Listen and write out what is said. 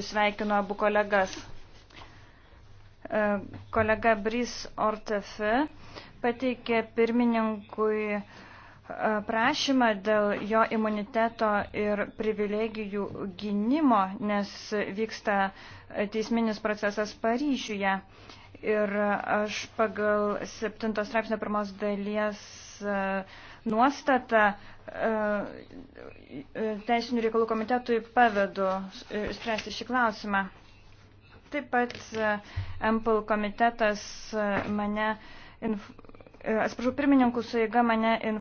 sveikinu abu kolegas. E, kolega Brys Ortefe pateikė pirmininkui e, prašymą dėl jo imuniteto ir privilegijų gynimo, nes vyksta teisminis procesas Paryžiuje. Ir aš pagal 7 straipsnio pirmos dalies e, nuostatą e, e, Teisinių reikalų komitetui pavedu spręsti šį klausimą. Taip pat MPL komitetas mane, atsiprašau, pirmininkų suiga mane informuoja.